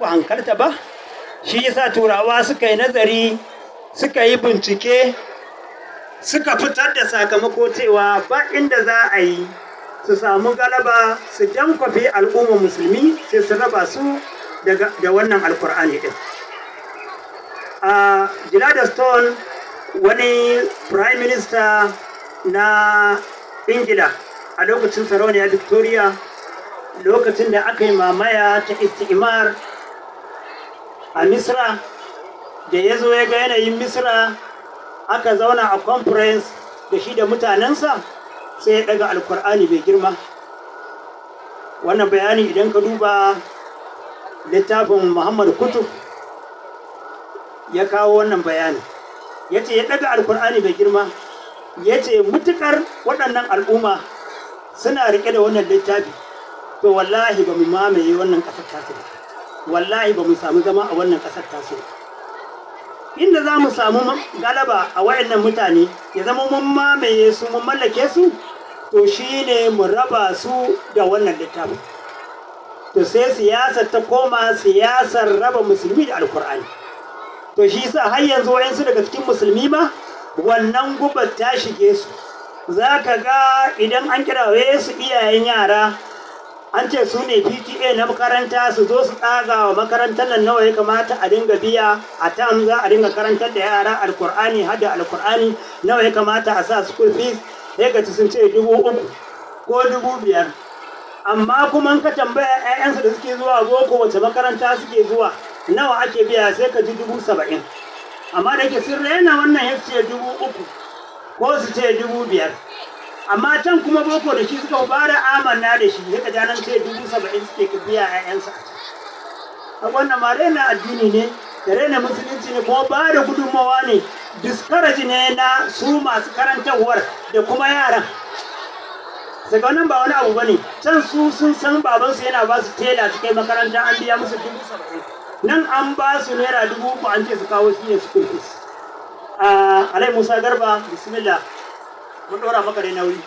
Ku ba shi yasa turawa suka yi nazari suka yi bincike suka fitar da sakamako cewa ba inda za a yi su samu galaba su jankwafe al'ummar musulmi sai su raba su da wannan alkur'ani din a gilada stone wani prime minister na ingila a lokacin sarauniya victoria lokacin da aka yi mamaya ta istimar a misra da ya zo ya ga yanayin misra aka zauna a conference da shi da mutanensa sai ya daga alkur'ani bai girma wannan bayani idan ka duba littafin Muhammadu kutub ya kawo wannan bayani ya ce ya daga alkur'ani bai girma ya ce mutukar waɗannan al'umma suna riƙe da wannan littafi to wallahi ba mu mamaye wannan ƙasar tasu wallahi ba mu samu zama a wannan ƙasar taso inda za mu samu galaba a wayannan mutane ya zama mun mamaye su mun mallake su to shi ne mu raba su da wannan littafin to sai siyasar ta koma siyasar raba musulmi da alkur'ani to shi sa har yanzu wayansu daga cikin musulmi ba? wannan gubar ta shige su za ka ga idan an kira su iyayen yara an ce su ne pta na makaranta su zo su tsaga wa makarantar nan nawa ya kamata a dinga biya a tam za a dinga karantar da yara alkur'ani hada alkur'ani nawa ya kamata a sa school fees ya gaci sun ce dubu uku ko dubu biyar amma kuma ka tambaya 'ya'yansu da suke zuwa boko wace makaranta suke zuwa nawa ake biya sai ka ji dubu saba'in amma da ke sun raina wannan ya ce dubu uku ko su ce dubu biyar amma can kuma boko da shi suka fara amana da shi suka janan sai dubu saba'in suke biya ƴaƴansa a wannan ma raina addini ne da raina musulunci ne kuma ba da gudunmawa ne diskaraji ne na su masu karantarwar da kuma yaran daga wannan ba wani abu bane can su sun san babansu yana ba su tela su kai makaranta an biya musu dubu saba'in nan an ba su naira dubu uku an ce su kawo shi ne su a ah, alai musa garba bismillah mun dora maka dai nauyi